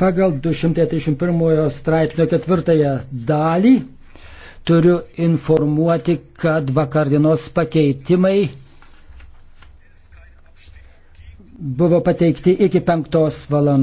Pagal 231 straipsnio ketvirtąją dalį turiu informuoti, kad vakardienos pakeitimai buvo pateikti iki penktos valandos.